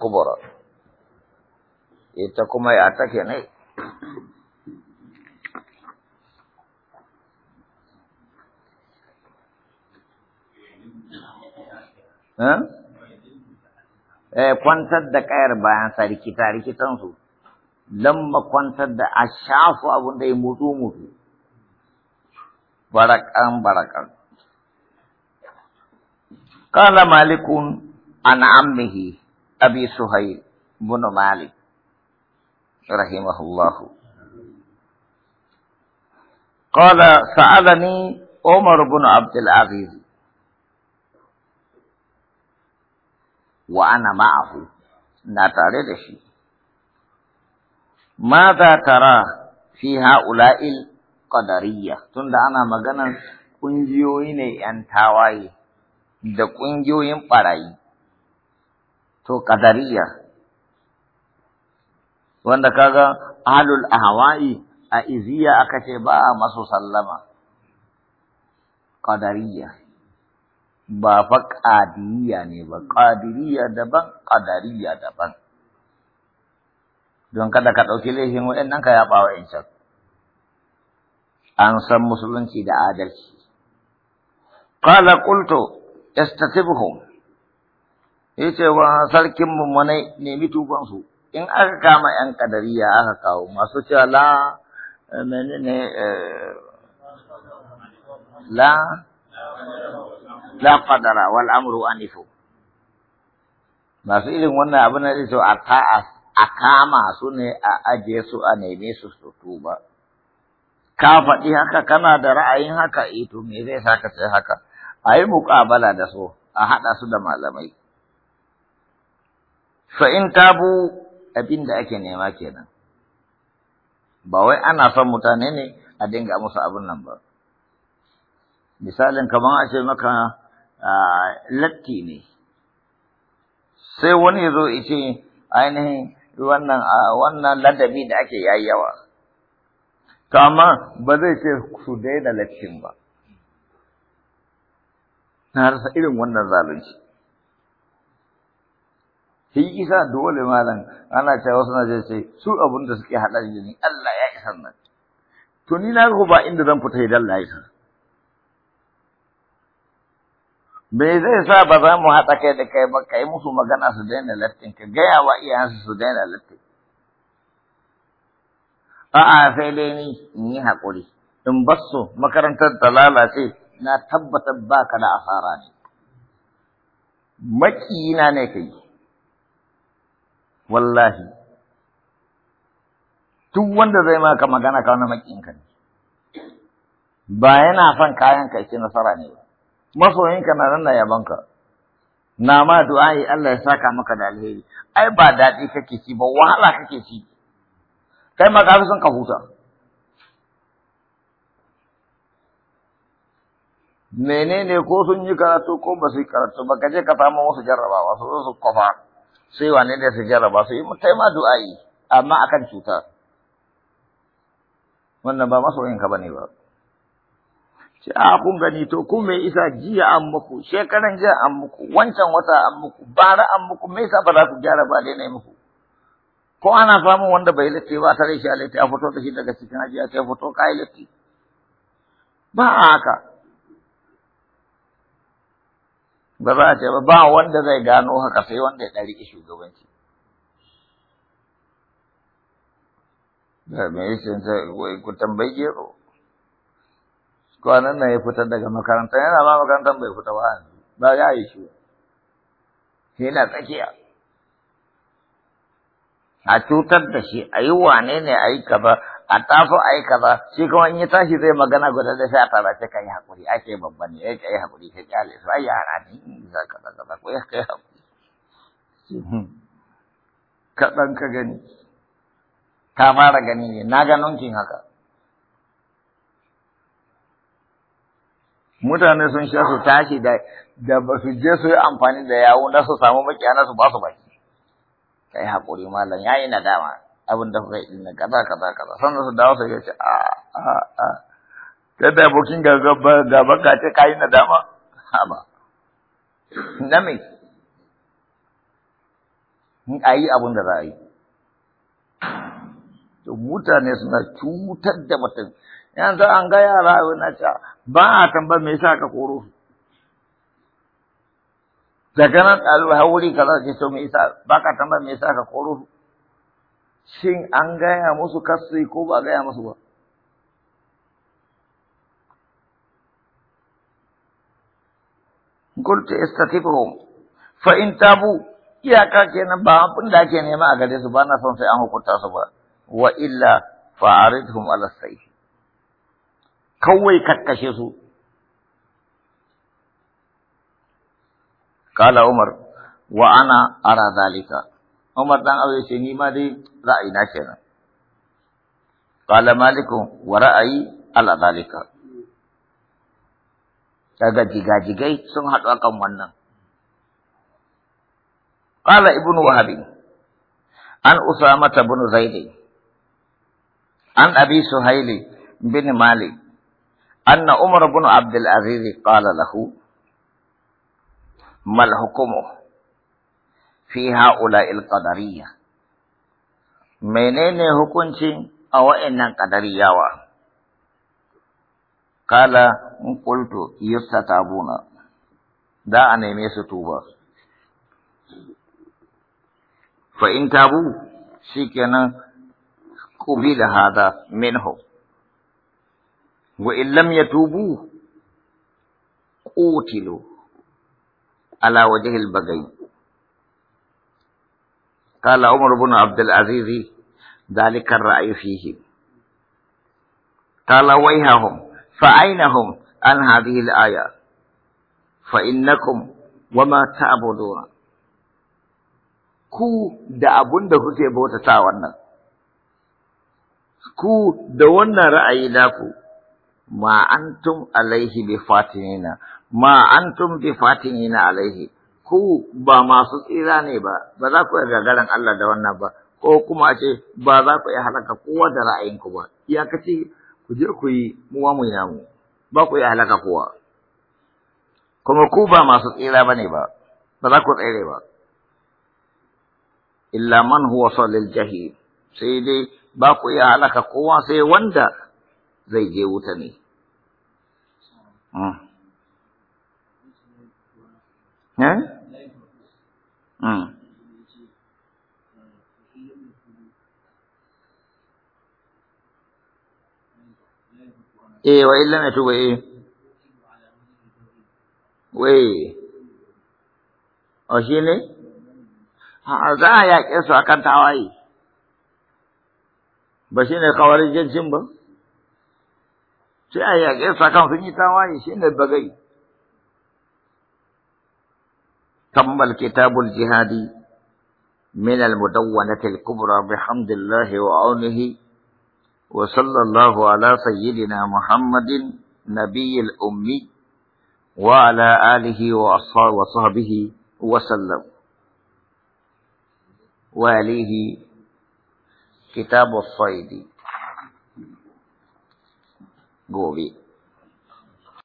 kubra ita kuma ya take ne Eh, kwantar da kayar bayan sa rikita su. lamma kwantar da ashafu shafu abin da ya mutu mutu, barakan barakan. Kala malikun an ammihi أبي سهيل بن مالك رحمه الله قال سألني عمر بن عبد العزيز وأنا معه نتعرض ماذا ترى في هؤلاء القدرية تند أنا مغنى ƙungiyoyi ne ‘yan tawaye da ƙungiyoyin ɓarayi. to kadariya, wanda kaga ahlul ahwa'i a iziya aka ce ba a masu sallama kadariya ba fa qadiriya ne ba ƙadiriya daban ƙadariya daban don kada ka ɗauki laifin waɗannan ka yaɓa wa'ancan an san musulunci da adalci qala qultu yastatibhum ya ce wa sarkin mummunai nemi tufansu in aka kama yan kadariya aka kawo masu cewa la eh, ne eh, la la qadara wal amru anifu masu irin wannan abin da iso a a kama su ne a ajiye su a neme su su tuba ka faɗi haka kana da ra'ayin haka ito eh, me zai ka sai haka a yi muƙabala da su a haɗa su da malamai fa'in tabu abin da ake nema kenan ba wai ana son mutane ne a dinga musu abin nan ba misalin kamar a ce maka latti ne sai wani ya zo ce ainihin wannan wannan ladabi da ake yayyawa. Kama ba zai ce su daina lattin ba na rasa irin wannan zalunci shi isa dole malam ana cewa wasu na ce su abunda da suke da ni, Allah ya isa nan to ni na ba inda zan fita idan Allah ya isa me zai sa ba za mu haɗa kai da kai ba kai musu magana su daina lattin ka gaya yawa iyayensu su daina lattin a'a sai dai ni ni yi haƙuri in basu makarantar ta lalace na tabbatar ba ka da asara ne maƙiyina ne ka wallahi duk wanda zai maka magana ka wani makinka ne ba yana son kayan ka ce nasara ne ba masoyinka na nan na ka. na ma du'a'i Allah ya saka maka da alheri ai ba daɗi kake ci ba wahala kake ci kai ma ka fi son ka huta menene ko sun yi karatu ko ba su yi karatu ba ka je ka samu wasu jarrabawa su zo su kofa. sai wane da su jarraba su yi mutai ma du'a'i amma akan cuta wannan ba ka bane ba ce a ah, kun gani to ku me isa jiya an muku shekaran jiya an muku wancan wata an muku bara an muku me yasa ba za ku gyara ba dai ne muku ko ana samun wanda bai lati ba tare shi a latti a fito da shi daga cikin ajiya sai fito kai latti ba haka ba za a ce ba ba wanda zai gano haka sai wanda ya ɗari shugabanci me sai ku tambayi gero kwanan nan ya fita daga makaranta yana ma makarantar bai fita ba ba ya yi shi yana tsakiya a cutar da shi a yi wane ne a yi kaza a tafi a yi kaza shi kuma in ya tashi zai magana guda da sai a tara sai kai hakuri a ce babba ne ya kai hakuri sai kyale su ai yara ne za ka kaza kaza ko ya kai hakuri kaɗan ka gani ka fara gani ne na ganin kin haka mutane sun sha su tashi da da ba su je su yi amfani da yawo na su samu makiya na su ba su baki Ka yi haƙuri malam ya na nadama abin da kuka yi na kaza kaza kaza san su dawo su ce a a a kada abokin gaba gaba ka ce yi nadama ha ba na me in yi abin da za a yi to mutane suna cutar da mutum yanzu an ga yara wani ce ba a tambar me yasa ka koro su daga nan ɗalibai har wuri kaza ce to me isa, ba ka tambaya me isa ka koro shin an gaya musu kasri ko ba gaya musu ba قلت استتبهم فإن تابوا iyaka kenan ba abin da ake nema a gare su ba na son sai an hukunta su ba wa illa fa'aridhum ala sayf kawai kakkashe su قال عمر وانا ارى ذلك عمر دان اوي شي نيما دي راي نا قال مالك وراي على ذلك kaga jigajigai sun haɗu akan wannan قال ابن وهب ان أسامة بن زيد عن أبي سهيل بن مالك أن عمر بن عبد العزيز قال له Malahukumu fi hau la'il qadari. Menene hukuncin a waɗannan ƙadarayawa? kala mu ƙwalto iyo da an nemi su tuba. Fahimtar bu sike nan ku bi da hada minhole. Gobe lamya tubu, ku على وجه البغي قال عمر بن عبد العزيز ذلك الرأي فيه قال ويههم فأينهم عن هذه الآية فإنكم وما تعبدون ku da abun da kuke bautata wannan ku da wannan ra'ayi naku ma antum alaihi bi fatinina ma antum bi fatinina alaihi ku ba masu tsira ne ba ba za ku gagaran Allah da wannan ba ko kuma a ce ba za ku iya halaka kowa da ra'ayinku ba Ya kace ku je ku yi muwa mu yamu, ba ku iya halaka kowa kuma ku ba masu tsira bane ba ba za ku tsere ba illa man huwa salil jahi, sai dai ba ku iya halaka kowa sai wanda zai je wuta ne. Hmm. Ya? Hmm. eh wa illa na tuba eh wai o shi ne za a yaƙe su a kan tawaye ba shi ne kawar jirgin ba sai a yaƙe su a kan sun yi tawaye shi ne bagai تم الكتاب الجهادي من المدونة الكبرى بحمد الله وعونه وصلى الله على سيدنا محمد نبي الأمي وعلى آله وصحبه وسلم وعليه كتاب الصيد قوبي